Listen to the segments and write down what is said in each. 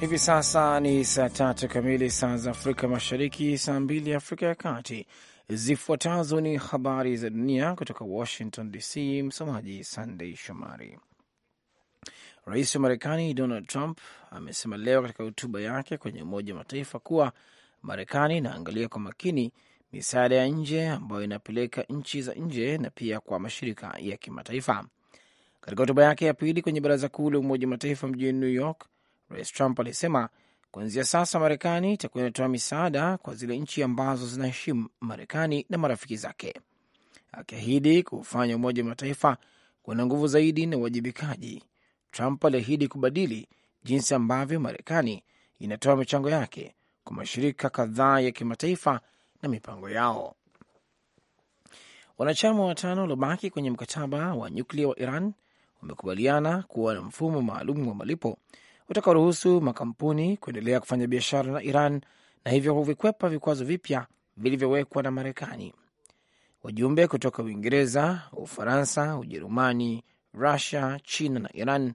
Hivi sasa ni saa tatu kamili saa za Afrika Mashariki, saa mbili Afrika ya Kati. Zifuatazo ni habari za dunia kutoka Washington DC. Msomaji Sandei Shomari. Rais wa Marekani Donald Trump amesema leo katika hotuba yake kwenye Umoja wa Mataifa kuwa Marekani inaangalia kwa makini misaada ya nje ambayo inapeleka nchi za nje na pia kwa mashirika ya kimataifa. Katika hotuba yake ya pili kwenye Baraza Kuu la Umoja wa Mataifa mjini New York, Rais Trump alisema kuanzia sasa Marekani itakuwa inatoa misaada kwa zile nchi ambazo zinaheshimu Marekani na marafiki zake, akiahidi kufanya Umoja wa Mataifa kuwa na nguvu zaidi na uwajibikaji. Trump aliahidi kubadili jinsi ambavyo Marekani inatoa michango yake kwa mashirika kadhaa ya kimataifa na mipango yao. Wanachama watano waliobaki kwenye mkataba wa nyuklia wa Iran wamekubaliana kuwa na mfumo maalum wa malipo utakaoruhusu makampuni kuendelea kufanya biashara na Iran na hivyo huvikwepa vikwazo vipya vilivyowekwa na Marekani. Wajumbe kutoka Uingereza, Ufaransa, Ujerumani, Rusia, China na Iran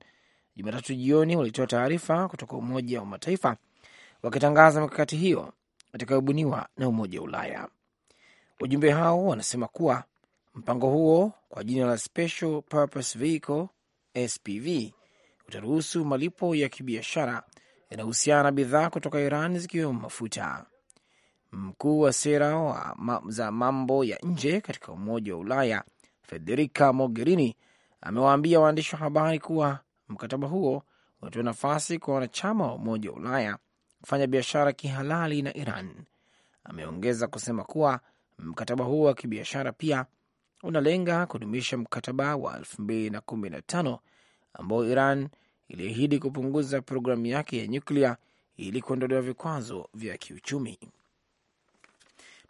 Jumatatu jioni walitoa taarifa kutoka Umoja wa Mataifa wakitangaza mikakati hiyo itakayobuniwa na Umoja wa Ulaya. Wajumbe hao wanasema kuwa mpango huo kwa jina la Special Purpose Vehicle SPV utaruhusu malipo ya kibiashara yanahusiana na bidhaa kutoka Iran zikiwemo mafuta. Mkuu wa sera wa ma za mambo ya nje katika Umoja wa Ulaya Federica Mogherini amewaambia waandishi wa habari kuwa mkataba huo unatoa nafasi kwa wanachama wa Umoja wa Ulaya kufanya biashara kihalali na Iran. Ameongeza kusema kuwa mkataba huo wa kibiashara pia unalenga kudumisha mkataba wa tano ambayo Iran iliahidi kupunguza programu yake ya nyuklia ili kuondolewa vikwazo vya kiuchumi.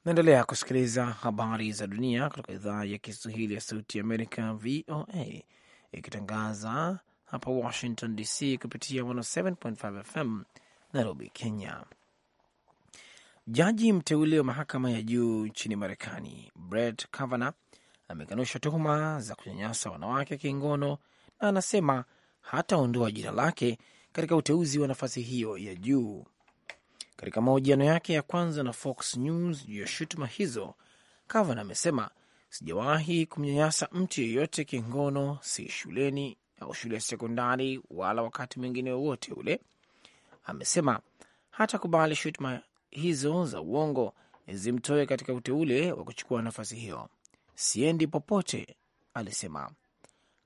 Naendelea kusikiliza habari za dunia kutoka idhaa ya Kiswahili ya Sauti ya Amerika, VOA, ikitangaza hapa Washington DC kupitia 107.5 FM Nairobi, Kenya. Jaji mteule wa mahakama ya juu nchini Marekani Brett Kavanaugh amekanusha tuhuma za kunyanyasa wanawake kingono anasema hataondoa jina lake katika uteuzi wa nafasi hiyo ya juu. Katika mahojiano yake ya kwanza na Fox News juu ya shutuma hizo, Kavan amesema sijawahi kumnyanyasa mtu yeyote kingono, si shuleni au shule ya sekondari wala wakati mwingine wowote ule. Amesema hatakubali shutuma hizo za uongo zimtoe katika uteule wa kuchukua nafasi hiyo. Siendi popote, alisema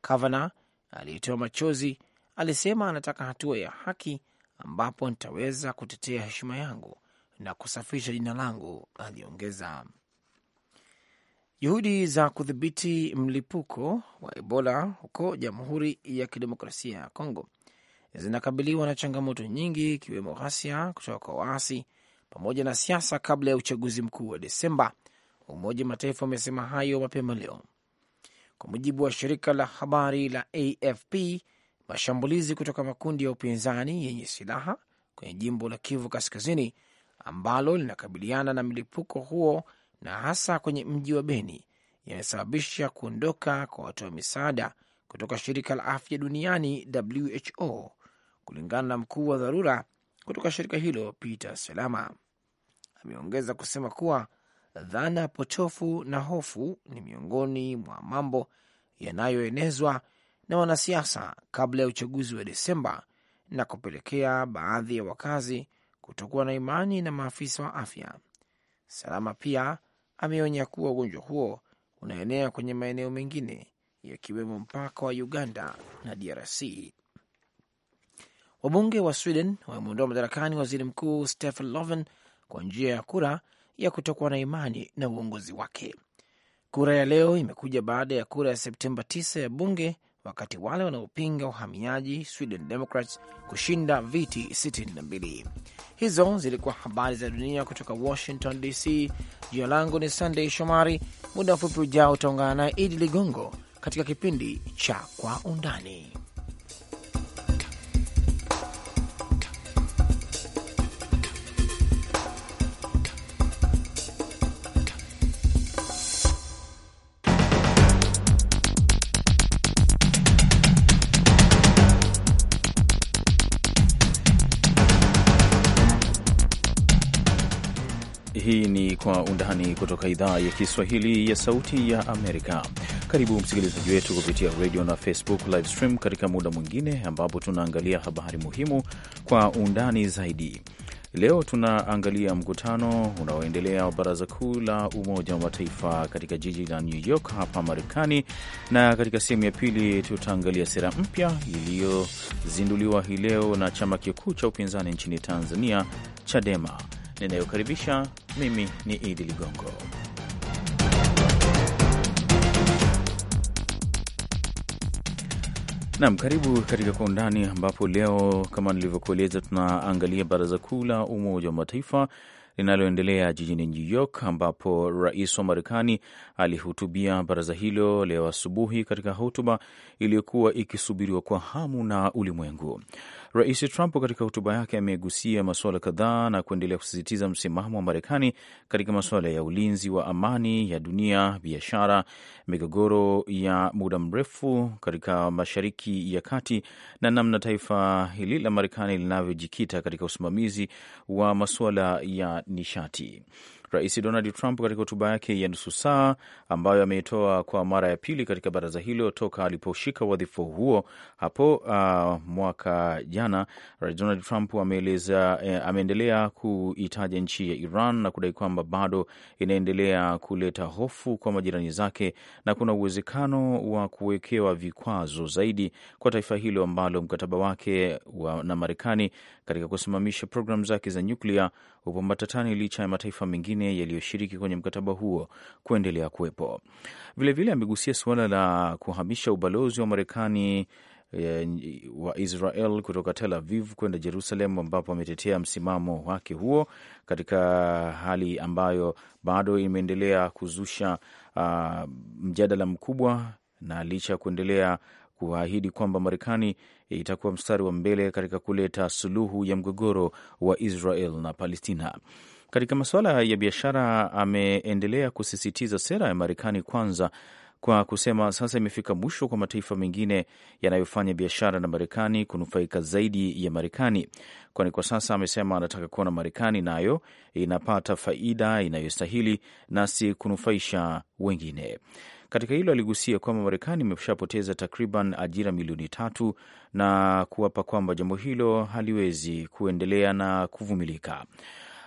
Kavana aliyetoa machozi alisema anataka hatua ya haki ambapo nitaweza kutetea heshima yangu na kusafisha jina langu, aliongeza. Juhudi za kudhibiti mlipuko wa Ebola huko Jamhuri ya Kidemokrasia ya Kongo zinakabiliwa na changamoto nyingi, ikiwemo ghasia kutoka kwa waasi pamoja na siasa kabla ya uchaguzi mkuu wa Desemba. Umoja wa Mataifa umesema hayo mapema leo. Kwa mujibu wa shirika la habari la AFP, mashambulizi kutoka makundi ya upinzani yenye silaha kwenye jimbo la Kivu Kaskazini ambalo linakabiliana na mlipuko huo na hasa kwenye mji wa Beni yamesababisha kuondoka kwa watoa misaada kutoka shirika la afya duniani WHO, kulingana na mkuu wa dharura kutoka shirika hilo Peter Selama. Ameongeza kusema kuwa dhana potofu na hofu ni miongoni mwa mambo yanayoenezwa na wanasiasa kabla ya uchaguzi wa Desemba na kupelekea baadhi ya wakazi kutokuwa na imani na maafisa wa afya. Salama pia ameonya kuwa ugonjwa huo unaenea kwenye maeneo mengine yakiwemo mpaka wa Uganda na DRC. Wabunge wa Sweden wamemuondoa madarakani waziri mkuu Stefan loven kwa njia ya kura ya kutokuwa na imani na uongozi wake. Kura ya leo imekuja baada ya kura ya Septemba 9 ya bunge, wakati wale wanaopinga uhamiaji Sweden Democrats kushinda viti 62. Hizo zilikuwa habari za dunia kutoka Washington DC. Jina langu ni sandey Shomari. Muda mfupi ujao utaungana naye Idi Ligongo katika kipindi cha Kwa Undani. kwa undani kutoka idhaa ya Kiswahili ya Sauti ya Amerika. Karibu msikilizaji wetu kupitia radio na Facebook live stream katika muda mwingine ambapo tunaangalia habari muhimu kwa undani zaidi. Leo tunaangalia mkutano unaoendelea wa Baraza Kuu la Umoja wa Mataifa katika jiji la New York hapa Marekani, na katika sehemu ya pili tutaangalia sera mpya iliyozinduliwa hii leo na chama kikuu cha upinzani nchini Tanzania, Chadema ninayokaribisha mimi ni Idi Ligongo. nam karibu katika Kwa Undani, ambapo leo kama nilivyokueleza, tunaangalia baraza kuu la Umoja wa Mataifa linaloendelea jijini New York, ambapo rais wa Marekani alihutubia baraza hilo leo asubuhi katika hotuba iliyokuwa ikisubiriwa kwa hamu na ulimwengu. Rais Trump katika hotuba yake amegusia masuala kadhaa na kuendelea kusisitiza msimamo wa Marekani katika masuala ya ulinzi wa amani ya dunia, biashara, migogoro ya muda mrefu katika Mashariki ya Kati na namna taifa hili la Marekani linavyojikita katika usimamizi wa masuala ya nishati. Rais Donald Trump katika hotuba yake ya nusu saa ambayo ameitoa kwa mara ya pili katika baraza hilo toka aliposhika wadhifa huo hapo uh, mwaka jana. Rais Donald Trump ameeleza eh, ameendelea kuitaja nchi ya Iran na kudai kwamba bado inaendelea kuleta hofu kwa majirani zake na kuna uwezekano wa kuwekewa vikwazo zaidi kwa taifa hilo ambalo mkataba wake wa na Marekani katika kusimamisha programu zake za nyuklia upo matatani licha ya mataifa mengine mengine yaliyoshiriki kwenye mkataba huo kuendelea kuwepo. Vilevile amegusia suala la kuhamisha ubalozi wa Marekani eh, wa Israel kutoka Tel Aviv kwenda Jerusalem, ambapo ametetea msimamo wake huo katika hali ambayo bado imeendelea kuzusha uh, mjadala mkubwa, na licha ya kuendelea kuahidi kwamba Marekani itakuwa mstari wa mbele katika kuleta suluhu ya mgogoro wa Israel na Palestina. Katika masuala ya biashara, ameendelea kusisitiza sera ya Marekani kwanza kwa kusema sasa imefika mwisho kwa mataifa mengine yanayofanya biashara na Marekani kunufaika zaidi ya Marekani, kwani kwa sasa amesema anataka kuona Marekani nayo inapata faida inayostahili na si kunufaisha wengine. Katika hilo aligusia kwamba Marekani imeshapoteza takriban ajira milioni tatu na kuwapa kwamba jambo hilo haliwezi kuendelea na kuvumilika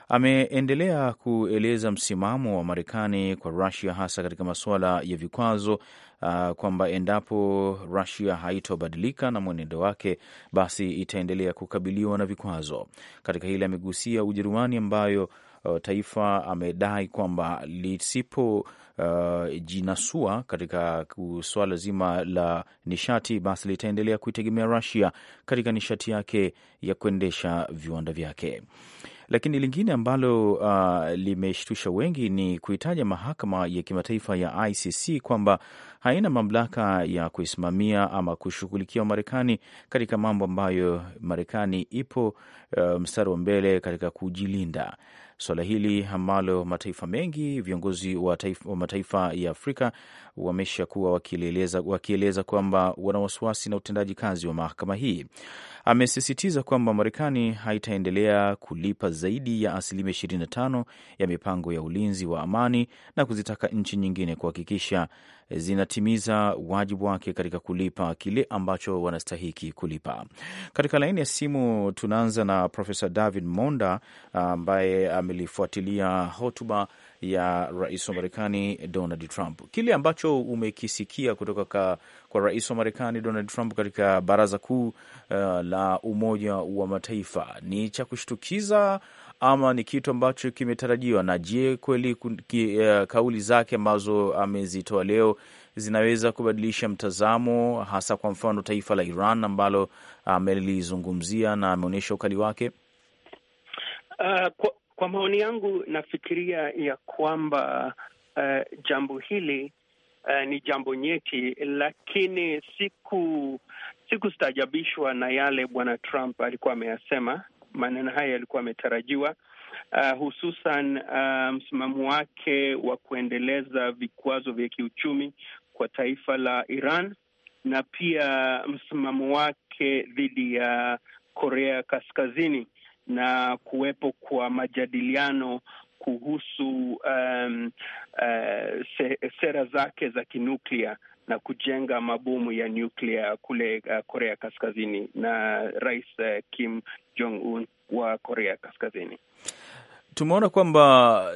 ameendelea kueleza msimamo wa Marekani kwa Rusia hasa katika masuala ya vikwazo uh, kwamba endapo Rusia haitobadilika na mwenendo wake, basi itaendelea kukabiliwa na vikwazo. Katika hili amegusia Ujerumani ambayo uh, taifa amedai kwamba lisipo Uh, jinasua katika suala zima la nishati basi litaendelea kuitegemea Russia katika nishati yake ya kuendesha viwanda vyake. Lakini lingine ambalo uh, limeshtusha wengi ni kuitaja mahakama ya kimataifa ya ICC kwamba haina mamlaka ya kuisimamia ama kushughulikia Marekani katika mambo ambayo Marekani ipo uh, mstari wa mbele katika kujilinda. Suala hili ambalo mataifa mengi, viongozi wa, taifa, wa mataifa ya Afrika wameshakuwa wakieleza kwamba wana wasiwasi na utendaji kazi wa mahakama hii amesisitiza kwamba Marekani haitaendelea kulipa zaidi ya asilimia 25 ya mipango ya ulinzi wa amani na kuzitaka nchi nyingine kuhakikisha zinatimiza wajibu wake katika kulipa kile ambacho wanastahiki kulipa. Katika laini ya simu tunaanza na Profesa David Monda ambaye amelifuatilia hotuba ya rais wa Marekani Donald Trump. Kile ambacho umekisikia kutoka ka, kwa rais wa Marekani Donald Trump katika baraza kuu uh, la Umoja wa Mataifa ni cha kushtukiza ama ni kitu ambacho kimetarajiwa? Na je, kweli ki, uh, kauli zake ambazo amezitoa leo zinaweza kubadilisha mtazamo, hasa kwa mfano taifa la Iran ambalo amelizungumzia na ameonyesha ukali wake? Uh, kwa, kwa maoni yangu, nafikiria ya kwamba uh, jambo hili uh, ni jambo nyeti, lakini siku na yale bwana Trump alikuwa ameyasema. Maneno haya yalikuwa ametarajiwa, uh, eh, hususan uh, msimamo wake wa kuendeleza vikwazo vya kiuchumi kwa taifa la Iran na pia msimamo wake dhidi ya Korea Kaskazini na kuwepo kwa majadiliano kuhusu um, uh, se, sera zake za kinuklia na kujenga mabomu ya nuklia kule uh, Korea Kaskazini na Rais uh, Kim Jong Un wa Korea Kaskazini tumeona kwamba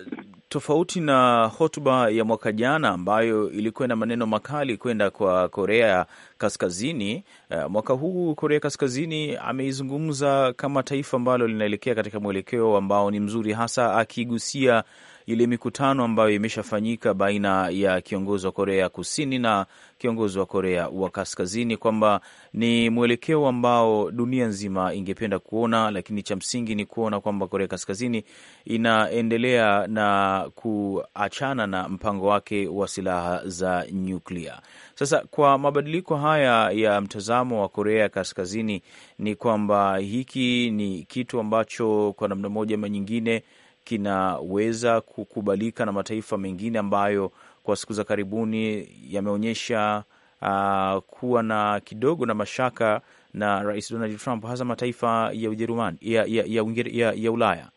tofauti na hotuba ya mwaka jana ambayo ilikuwa na maneno makali kwenda kwa Korea Kaskazini, eh, mwaka huu Korea Kaskazini ameizungumza kama taifa ambalo linaelekea katika mwelekeo ambao ni mzuri, hasa akigusia ile mikutano ambayo imeshafanyika baina ya kiongozi wa Korea Kusini na kiongozi wa Korea wa Kaskazini, kwamba ni mwelekeo ambao dunia nzima ingependa kuona, lakini cha msingi ni kuona kwamba Korea Kaskazini inaendelea na kuachana na mpango wake wa silaha za nyuklia. Sasa kwa mabadiliko haya ya mtazamo wa Korea Kaskazini, ni kwamba hiki ni kitu ambacho kwa namna moja ama nyingine kinaweza kukubalika na mataifa mengine ambayo kwa siku za karibuni yameonyesha uh, kuwa na kidogo na mashaka na Rais Donald Trump, hasa mataifa ya Ujerumani ya, ya, ya, ya, ya Ulaya.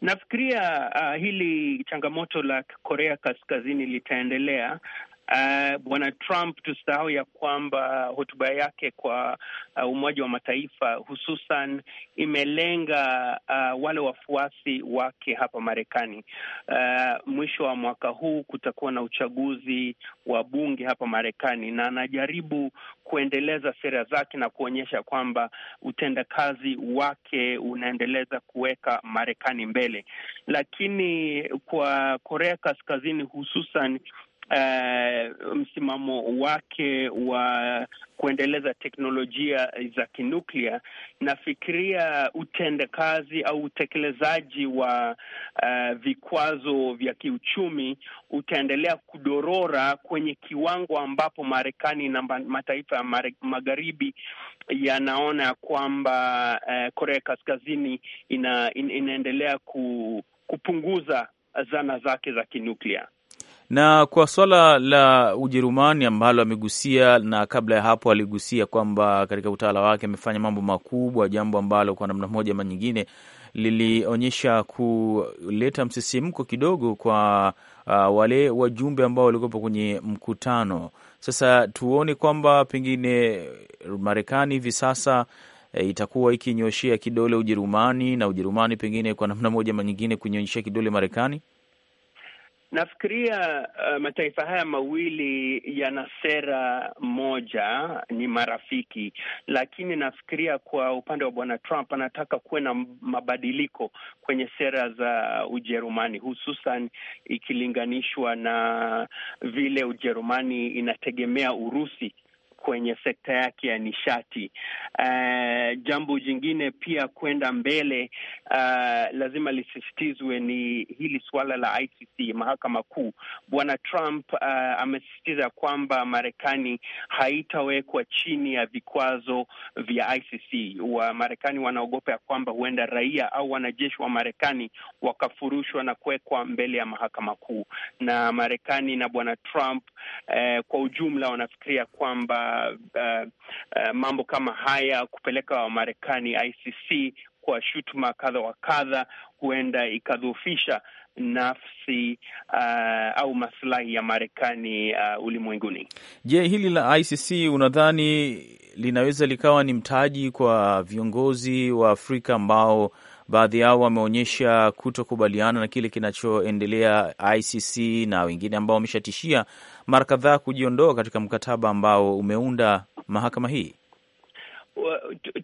Nafikiria uh, hili changamoto la Korea Kaskazini litaendelea uh, bwana Trump tusahau ya kwamba hotuba yake kwa uh, Umoja wa Mataifa hususan imelenga uh, wale wafuasi wake hapa Marekani. Uh, mwisho wa mwaka huu kutakuwa na uchaguzi wa bunge hapa Marekani, na anajaribu kuendeleza sera zake na kuonyesha kwamba utendakazi wake unaendeleza kuweka Marekani mbele, lakini kwa Korea Kaskazini hususan uh, msimamo wake wa kuendeleza teknolojia za kinuklia, nafikiria utendakazi au utekelezaji wa uh, vikwazo vya kiuchumi utaendelea kudorora kwenye kiwango ambapo Marekani na mataifa ya magharibi yanaona kwamba uh, Korea Kaskazini ina, in, inaendelea ku, kupunguza zana zake za kinuklia. Na kwa swala la Ujerumani ambalo amegusia na kabla ya hapo aligusia kwamba katika utawala wake amefanya mambo makubwa, jambo ambalo kwa namna moja ama nyingine lilionyesha kuleta msisimko kidogo kwa uh, wale wajumbe ambao walikuwepo kwenye mkutano. Sasa tuone kwamba pengine Marekani hivi sasa e, itakuwa ikinyoshea kidole Ujerumani na Ujerumani pengine kwa namna moja ama nyingine kunyoshea kidole Marekani. Nafikiria uh, mataifa haya mawili yana sera moja, ni marafiki, lakini nafikiria kwa upande wa bwana Trump anataka kuwe na mabadiliko kwenye sera za Ujerumani, hususan ikilinganishwa na vile Ujerumani inategemea Urusi kwenye sekta yake ya nishati. Uh, jambo jingine pia kwenda mbele, uh, lazima lisisitizwe ni hili suala la ICC, mahakama kuu. Bwana Trump uh, amesisitiza kwamba Marekani haitawekwa chini ya vikwazo vya ICC. Wamarekani wanaogopa ya kwamba huenda raia au wanajeshi wa Marekani wakafurushwa na kuwekwa mbele ya mahakama kuu, na Marekani na Bwana Trump uh, kwa ujumla wanafikiria kwamba Uh, uh, uh, mambo kama haya kupeleka Wamarekani ICC kwa shutuma kadha wa kadha, huenda ikadhoofisha nafsi uh, au maslahi ya Marekani uh, ulimwenguni. Je, hili la ICC unadhani linaweza likawa ni mtaji kwa viongozi wa Afrika ambao baadhi yao wameonyesha kutokubaliana na kile kinachoendelea ICC na wengine ambao wameshatishia mara kadhaa kujiondoa katika mkataba ambao umeunda mahakama hii.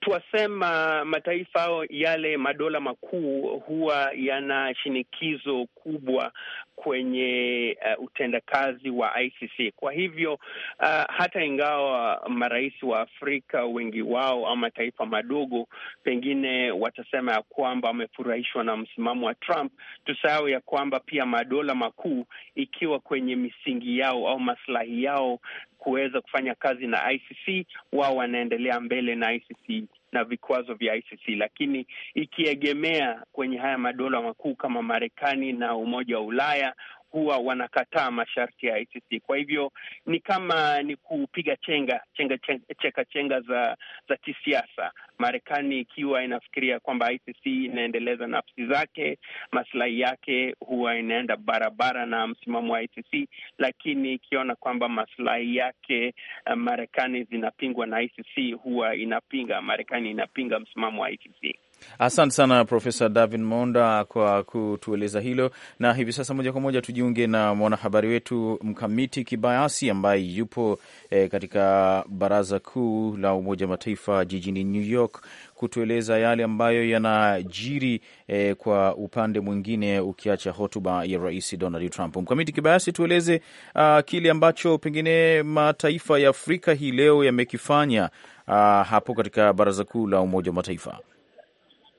Tuwasema mataifa yale madola makuu huwa yana shinikizo kubwa kwenye uh, utendakazi wa ICC. Kwa hivyo uh, hata ingawa marais wa Afrika wengi wao au mataifa madogo pengine watasema ya kwamba wamefurahishwa na msimamo wa Trump, tusahau ya kwamba pia madola makuu, ikiwa kwenye misingi yao au maslahi yao kuweza kufanya kazi na ICC, wao wanaendelea mbele na ICC na vikwazo vya ICC, lakini ikiegemea kwenye haya madola makuu kama Marekani na Umoja wa Ulaya kuwa wanakataa masharti ya ICC. Kwa hivyo ni kama ni kupiga chenga chenga cheka chenga za za kisiasa, Marekani ikiwa inafikiria kwamba ICC inaendeleza nafsi zake, maslahi yake, huwa inaenda barabara na msimamo wa ICC, lakini ikiona kwamba maslahi yake eh, Marekani zinapingwa na ICC, huwa inapinga Marekani inapinga msimamo wa ICC. Asante sana Profesa Davin Monda kwa kutueleza hilo, na hivi sasa moja kwa moja tujiunge na mwanahabari wetu Mkamiti Kibayasi ambaye yupo eh, katika Baraza Kuu la Umoja wa Mataifa jijini New York kutueleza yale ambayo yanajiri eh, kwa upande mwingine, ukiacha hotuba ya Rais Donald Trump. Mkamiti Kibayasi, tueleze uh, kile ambacho pengine mataifa ya Afrika hii leo yamekifanya uh, hapo katika Baraza Kuu la Umoja wa Mataifa.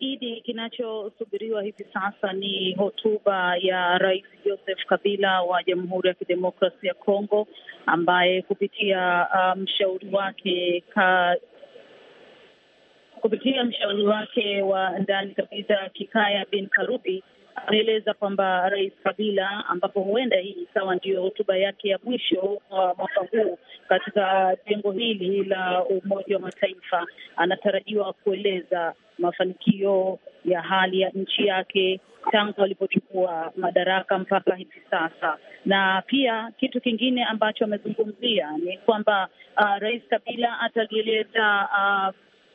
Idi, kinachosubiriwa hivi sasa ni hotuba ya Rais Joseph Kabila wa Jamhuri ya Kidemokrasia ya Kongo, ambaye kupitia uh, mshauri um, wake ka kupitia mshauri wake wa ndani kabisa Kikaya bin Karubi anaeleza kwamba Rais Kabila, ambapo huenda hii ikawa ndiyo hotuba yake ya mwisho wa uh, mwaka huu katika jengo hili la Umoja wa Mataifa, anatarajiwa kueleza mafanikio ya hali ya nchi yake tangu alipochukua madaraka mpaka hivi sasa. Na pia kitu kingine ambacho amezungumzia ni kwamba uh, Rais Kabila atalieleza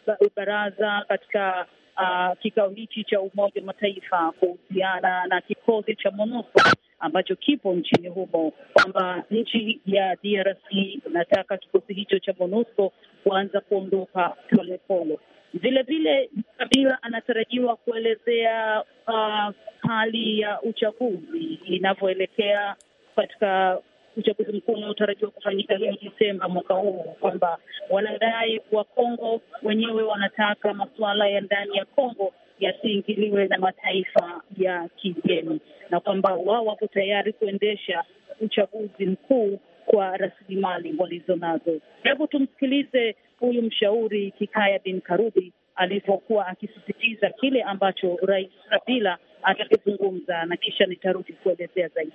uh, baraza katika uh, kikao hichi cha Umoja wa Mataifa kuhusiana na kikosi cha MONUSCO ambacho kipo nchini humo, kwamba nchi ya DRC inataka kikosi hicho cha MONUSCO kuanza kuondoka polepole. Vilevile Kabila anatarajiwa kuelezea uh, hali ya uchaguzi inavyoelekea katika uchaguzi mkuu unaotarajiwa kufanyika hii Desemba mwaka huu, kwamba wanadai kuwa Kongo wenyewe wanataka masuala ya ndani ya Kongo yasiingiliwe na mataifa ya kigeni, na kwamba wao wako tayari kuendesha uchaguzi mkuu kwa rasilimali walizo nazo. Hebu tumsikilize huyu mshauri Kikaya bin Karubi alivyokuwa akisisitiza kile ambacho Rais Kabila atakizungumza, na kisha nitarudi kuelezea zaidi.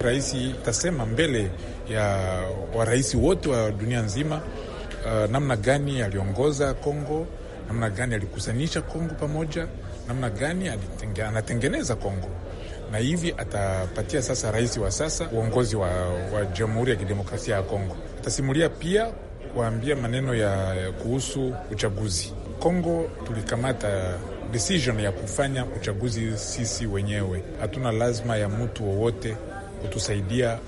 Rais tasema mbele ya warais wote wa dunia nzima uh, namna gani aliongoza Kongo, namna gani alikusanisha Kongo pamoja, namna gani anatengeneza Kongo na hivi atapatia sasa rais wa sasa uongozi wa, wa Jamhuri ya Kidemokrasia ya Kongo. Atasimulia pia kuambia maneno ya kuhusu uchaguzi Kongo. Tulikamata decision ya kufanya uchaguzi sisi wenyewe, hatuna lazima ya mtu wowote kutusaidia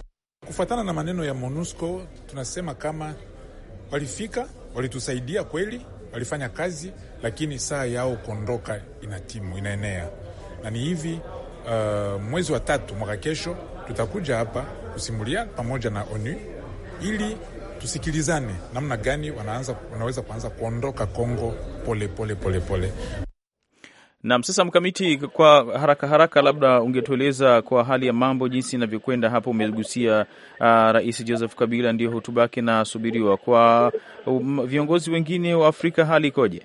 kufuatana na maneno ya MONUSCO. Tunasema kama walifika, walitusaidia kweli, walifanya kazi, lakini saa yao kuondoka ina timu inaenea, na ni hivi uh, mwezi wa tatu mwaka kesho tutakuja hapa kusimulia pamoja na ONU ili tusikilizane namna gani wanaanza, wanaweza kuanza kuondoka Kongo pole pole pole pole. Naam, sasa mkamiti, kwa haraka haraka, labda ungetueleza kwa hali ya mambo jinsi inavyokwenda hapo. Umegusia uh, Rais Joseph Kabila ndio hotuba yake inasubiriwa kwa um, viongozi wengine wa Afrika, hali ikoje?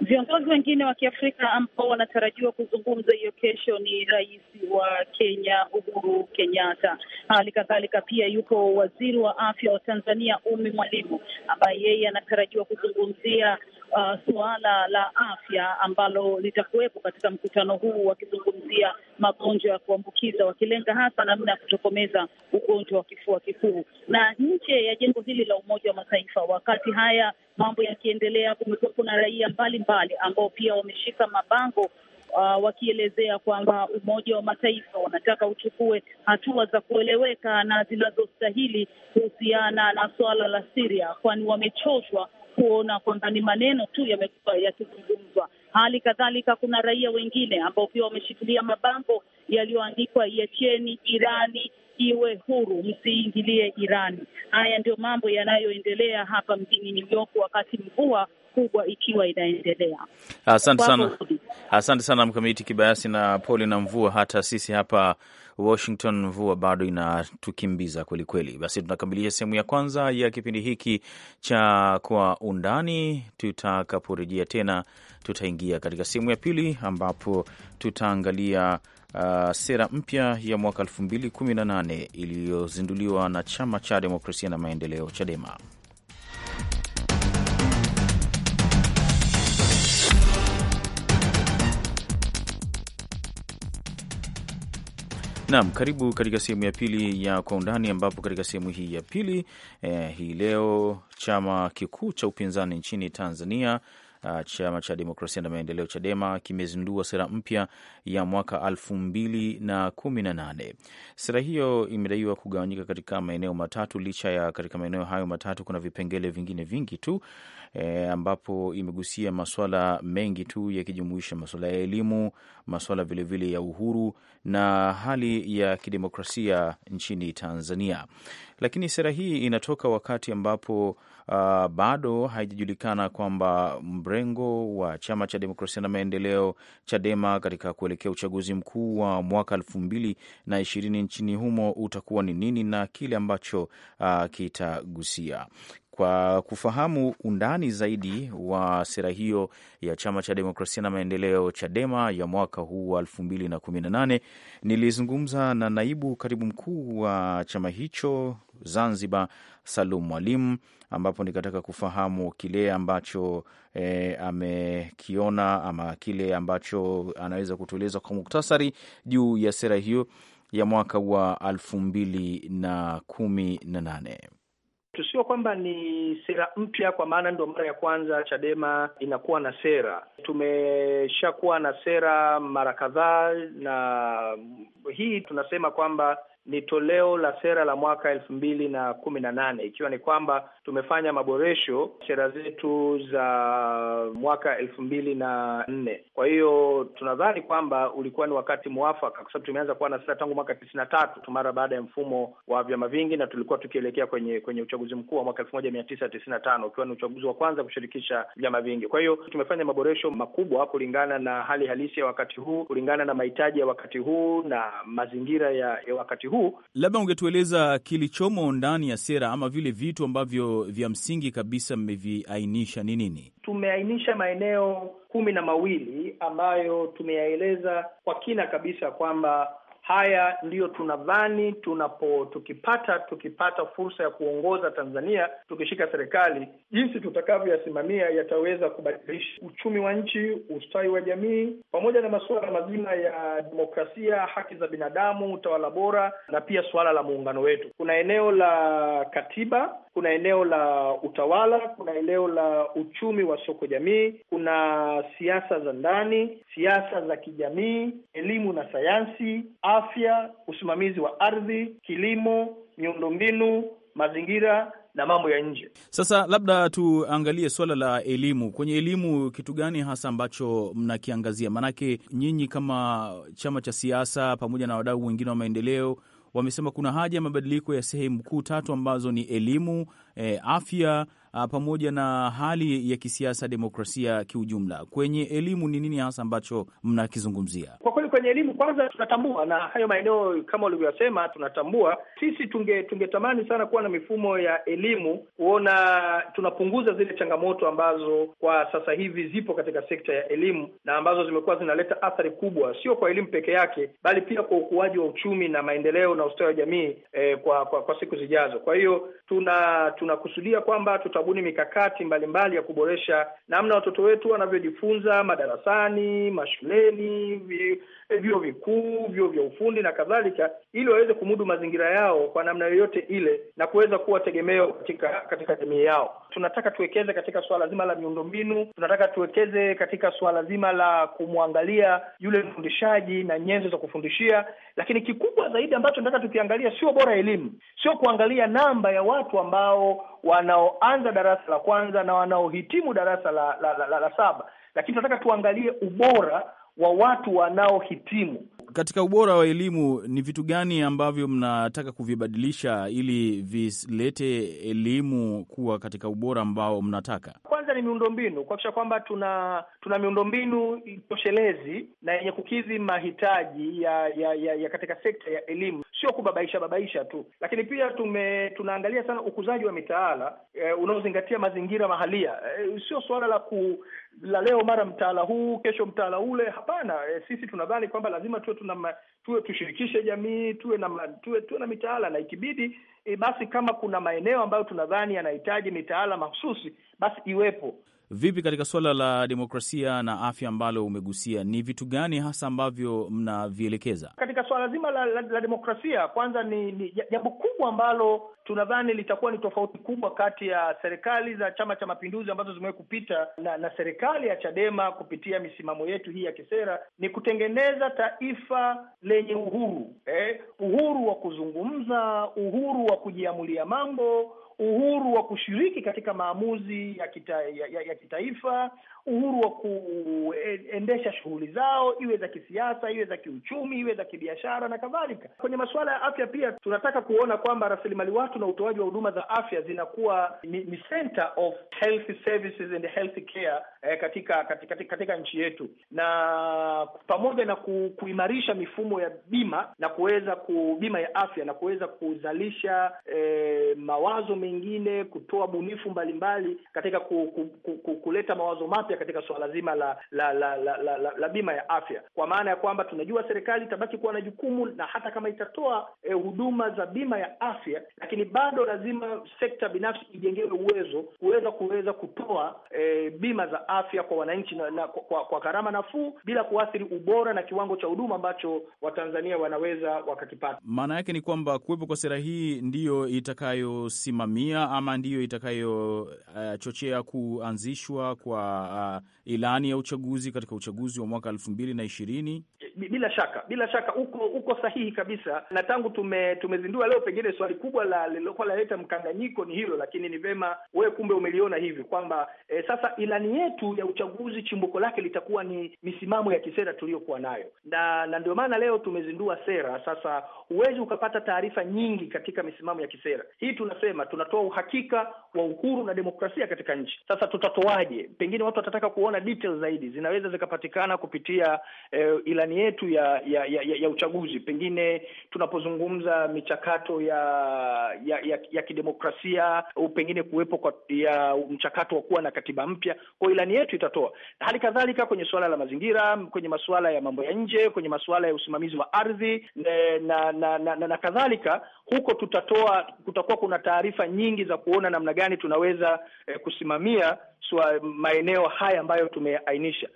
Viongozi wengine wa Kiafrika ambao wanatarajiwa kuzungumza hiyo kesho ni rais wa Kenya Uhuru Kenyatta. Hali kadhalika pia yupo waziri wa afya wa Tanzania Umi Mwalimu ambaye yeye anatarajiwa kuzungumzia uh, suala la afya ambalo litakuwepo katika mkutano huu, wakizungumzia magonjwa ya kuambukiza, wakilenga hasa namna ya kutokomeza ugonjwa wa kifua kikuu. Na nje ya jengo hili la Umoja wa Mataifa, wakati haya mambo yakiendelea, kumekuwepo na raia mbalimbali ambao pia wameshika mabango Uh, wakielezea kwamba Umoja wa Mataifa wanataka uchukue hatua za kueleweka na zinazostahili kuhusiana na suala la Syria, kwani wamechoshwa kuona kwamba ni maneno tu yamekuwa yakizungumzwa. Hali kadhalika kuna raia wengine ambao pia wameshikilia mabango yaliyoandikwa iacheni Irani iwe huru, msiingilie Irani. Haya ndio mambo yanayoendelea hapa mjini New York wakati mvua kubwa ikiwa inaendelea. Asante sana, asante sana Mkamiti Kibayasi na pole na mvua. Hata sisi hapa Washington mvua bado inatukimbiza kwelikweli. Basi tunakamilisha sehemu ya kwanza ya kipindi hiki cha Kwa Undani. Tutakaporejea tena, tutaingia katika sehemu ya pili ambapo tutaangalia Uh, sera mpya ya mwaka 2018 iliyozinduliwa na chama cha demokrasia na maendeleo Chadema. Naam, karibu katika sehemu ya pili ya Kwa Undani, ambapo katika sehemu hii ya pili eh, hii leo chama kikuu cha upinzani nchini Tanzania ah, Chama cha Demokrasia na Maendeleo, CHADEMA, kimezindua sera mpya ya mwaka elfu mbili na kumi na nane. Sera hiyo imedaiwa kugawanyika katika maeneo matatu, licha ya katika maeneo hayo matatu kuna vipengele vingine vingi tu e, ambapo imegusia maswala mengi tu yakijumuisha maswala ya elimu, maswala vilevile ya uhuru na hali ya kidemokrasia nchini Tanzania. Lakini sera hii inatoka wakati ambapo uh, bado haijajulikana kwamba mrengo wa chama cha demokrasia na maendeleo Chadema katika kuelekea uchaguzi mkuu wa mwaka elfu mbili na ishirini nchini humo utakuwa ni nini na kile ambacho uh, kitagusia kwa kufahamu undani zaidi wa sera hiyo ya chama cha demokrasia na maendeleo CHADEMA ya mwaka huu wa 2018 nilizungumza na naibu katibu mkuu wa chama hicho Zanzibar, Salum Mwalimu, ambapo nikataka kufahamu kile ambacho e, amekiona ama kile ambacho anaweza kutueleza kwa muktasari juu ya sera hiyo ya mwaka wa 2018. Tusio kwamba ni sera mpya, kwa maana ndio mara ya kwanza Chadema inakuwa na sera. Tumeshakuwa na sera mara kadhaa, na hii tunasema kwamba ni toleo la sera la mwaka elfu mbili na kumi na nane ikiwa ni kwamba tumefanya maboresho sera zetu za mwaka elfu mbili na nne. Kwa hiyo tunadhani kwamba ulikuwa ni wakati mwafaka, kwa sababu tumeanza kuwa na sera tangu mwaka tisini na tatu mara baada ya mfumo wa vyama vingi, na tulikuwa tukielekea kwenye kwenye uchaguzi mkuu wa mwaka elfu moja mia tisa tisini na tano ukiwa ni uchaguzi wa kwanza kushirikisha vyama vingi. Kwa hiyo tumefanya maboresho makubwa kulingana na hali halisi ya wakati huu, kulingana na mahitaji ya wakati huu na mazingira ya, ya wakati huu huu. Labda ungetueleza kilichomo ndani ya sera ama vile vitu ambavyo vya msingi kabisa mmeviainisha ni nini? Tumeainisha maeneo kumi na mawili ambayo tumeyaeleza kwa kina kabisa kwamba Haya ndiyo tunadhani tunapo tukipata tukipata fursa ya kuongoza Tanzania, tukishika serikali, jinsi tutakavyoyasimamia yataweza kubadilisha uchumi wa nchi, ustawi wa jamii, pamoja na masuala mazima ya demokrasia, haki za binadamu, utawala bora na pia suala la muungano wetu. Kuna eneo la katiba kuna eneo la utawala, kuna eneo la uchumi wa soko jamii, kuna siasa za ndani, siasa za kijamii, elimu na sayansi, afya, usimamizi wa ardhi, kilimo, miundombinu, mazingira na mambo ya nje. Sasa labda tuangalie suala la elimu. Kwenye elimu, kitu gani hasa ambacho mnakiangazia? Maanake nyinyi kama chama cha siasa pamoja na wadau wengine wa maendeleo wamesema kuna haja ya mabadiliko ya sehemu kuu tatu ambazo ni elimu, e, afya Uh, pamoja na hali ya kisiasa, demokrasia kiujumla. Kwenye elimu ni nini hasa ambacho mnakizungumzia? Kwa kweli kwenye elimu, kwanza tunatambua na hayo maeneo kama ulivyosema, tunatambua sisi. Tunge tungetamani sana kuwa na mifumo ya elimu, kuona tunapunguza zile changamoto ambazo kwa sasa hivi zipo katika sekta ya elimu na ambazo zimekuwa zinaleta athari kubwa, sio kwa elimu peke yake, bali pia kwa ukuaji wa uchumi na maendeleo na ustawi wa jamii eh, kwa, kwa kwa siku zijazo. Kwa hiyo tuna tunakusudia kwamba tuta tukabuni mikakati mbalimbali mbali ya kuboresha namna watoto wetu wanavyojifunza madarasani, mashuleni, eh, vyuo vikuu, vyuo vya ufundi na kadhalika, ili waweze kumudu mazingira yao kwa namna yoyote ile na kuweza kuwa tegemeo katika katika jamii yao tunataka tuwekeze katika suala zima la miundombinu, tunataka tuwekeze katika suala zima la kumwangalia yule mfundishaji na nyenzo za kufundishia, lakini kikubwa zaidi ambacho tunataka tukiangalia sio bora elimu, sio kuangalia namba ya watu ambao wanaoanza darasa la kwanza na wanaohitimu darasa la, la, la, la, la saba, lakini tunataka tuangalie ubora wa watu wanaohitimu katika ubora wa elimu ni vitu gani ambavyo mnataka kuvibadilisha ili vilete elimu kuwa katika ubora ambao mnataka? Kwanza ni miundombinu, kuhakikisha kwamba tuna tuna miundombinu toshelezi na yenye kukidhi mahitaji ya ya, ya ya katika sekta ya elimu, sio kubabaisha babaisha tu. Lakini pia tume tunaangalia sana ukuzaji wa mitaala eh, unaozingatia mazingira mahalia eh, sio suala la ku la leo mara mtaala huu, kesho mtaala ule. Hapana, e, sisi tunadhani kwamba lazima tuwe tuna tuwe tushirikishe jamii, tuwe na tuwe, tuwe na mitaala na ikibidi e, basi kama kuna maeneo ambayo tunadhani yanahitaji mitaala mahususi basi iwepo. Vipi katika suala la demokrasia na afya ambalo umegusia, ni vitu gani hasa ambavyo mnavielekeza katika suala zima la, la, la demokrasia? Kwanza ni, ni jambo kubwa ambalo tunadhani litakuwa ni tofauti kubwa kati ya serikali za Chama cha Mapinduzi ambazo zimewahi kupita na, na serikali ya Chadema kupitia misimamo yetu hii ya kisera ni kutengeneza taifa lenye uhuru eh, uhuru wa kuzungumza, uhuru wa kujiamulia mambo uhuru wa kushiriki katika maamuzi ya, kita, ya, ya, ya kitaifa uhuru wa kuendesha shughuli zao, iwe za kisiasa, iwe za kiuchumi, iwe za kibiashara na kadhalika. Kwenye masuala ya afya pia tunataka kuona kwamba rasilimali watu na utoaji wa huduma za afya zinakuwa ni, ni center of health services and health care eh, katika, katika, katika, katika nchi yetu, na pamoja na ku, kuimarisha mifumo ya bima na kuweza ku, bima ya afya na kuweza kuzalisha eh, mawazo mengine, kutoa bunifu mbalimbali mbali, katika ku, ku, ku, ku, kuleta mawazo mapya afya katika suala zima la la la, la, la, la la bima ya afya, kwa maana ya kwamba tunajua serikali itabaki kuwa na jukumu, na hata kama itatoa eh, huduma za bima ya afya, lakini bado lazima sekta binafsi ijengewe uwezo kuweza kuweza kutoa eh, bima za afya kwa wananchi na, na, kwa, kwa gharama nafuu bila kuathiri ubora na kiwango cha huduma ambacho Watanzania wanaweza wakakipata. Maana yake ni kwamba kuwepo kwa sera hii ndiyo itakayosimamia ama ndiyo itakayochochea eh, uh, kuanzishwa kwa uh, ilani ya uchaguzi katika uchaguzi wa mwaka elfu mbili na ishirini bila shaka, bila shaka uko uko sahihi kabisa, na tangu tume, tumezindua leo, pengine swali kubwa la lililokuwa laleta mkanganyiko ni hilo, lakini ni vema wewe kumbe umeliona hivi kwamba e, sasa ilani yetu ya uchaguzi chimbuko lake litakuwa ni misimamo ya kisera tuliyokuwa nayo, na na ndio maana leo tumezindua sera. Sasa huwezi ukapata taarifa nyingi katika misimamo ya kisera hii. Tunasema tunatoa uhakika wa uhuru na demokrasia katika nchi. Sasa tutatoaje? Pengine watu watataka kuona details zaidi, zinaweza zikapatikana kupitia e, ilani yetu ya ya, ya, ya uchaguzi, pengine tunapozungumza michakato ya ya, ya, ya kidemokrasia au pengine kuwepo kwa ya mchakato wa kuwa na katiba mpya, kwa ilani yetu itatoa hali kadhalika kwenye suala la mazingira, kwenye masuala ya mambo ya nje, kwenye masuala ya usimamizi wa ardhi na na, na, na, na kadhalika huko tutatoa, kutakuwa kuna taarifa nyingi za kuona namna gani tunaweza eh, kusimamia swa maeneo haya ambayo tumeainisha.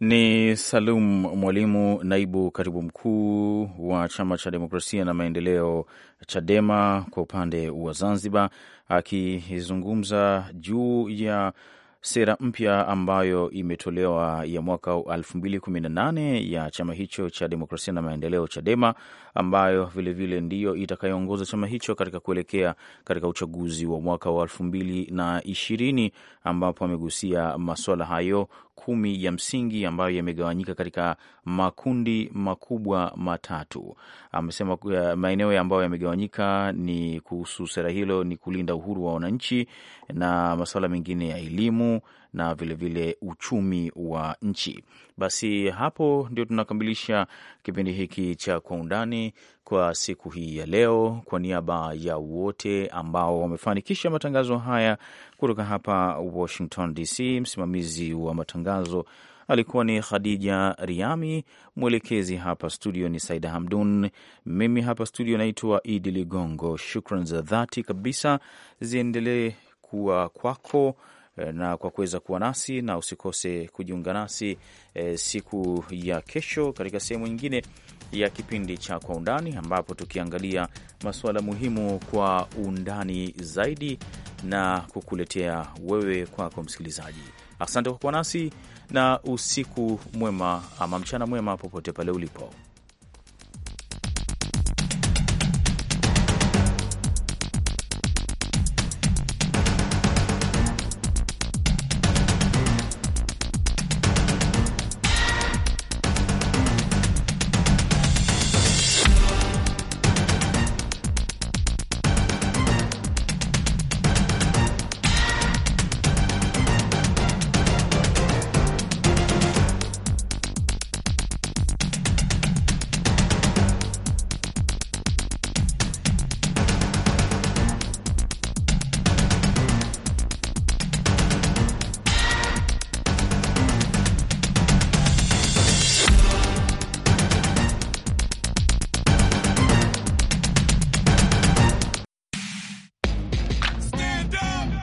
Ni Salum Mwalimu, naibu katibu mkuu wa chama cha demokrasia na maendeleo CHADEMA kwa upande wa Zanzibar, akizungumza juu ya sera mpya ambayo imetolewa ya mwaka 2018 ya chama hicho cha demokrasia na maendeleo CHADEMA, ambayo vilevile vile ndiyo itakayoongoza chama hicho katika kuelekea katika uchaguzi wa mwaka wa 2020, ambapo amegusia masuala hayo kumi ya msingi ambayo yamegawanyika katika makundi makubwa matatu. Amesema eh, maeneo ambayo yamegawanyika ni kuhusu sera hilo ni kulinda uhuru wa wananchi na masuala mengine ya elimu na vilevile vile uchumi wa nchi. Basi hapo ndio tunakamilisha kipindi hiki cha Kwa Undani kwa siku hii ya leo. Kwa niaba ya wote ambao wamefanikisha matangazo haya kutoka hapa Washington DC, msimamizi wa matangazo alikuwa ni Khadija Riami, mwelekezi hapa studio ni Saida Hamdun, mimi hapa studio naitwa Idi Ligongo. Shukran za dhati kabisa ziendelee kuwa kwako Eh, na kwa kuweza kuwa nasi, na usikose kujiunga nasi e, siku ya kesho katika sehemu nyingine ya kipindi cha Kwa Undani, ambapo tukiangalia masuala muhimu kwa undani zaidi na kukuletea wewe kwako msikilizaji. Asante kwa kuwa nasi na usiku mwema ama mchana mwema popote pale ulipo.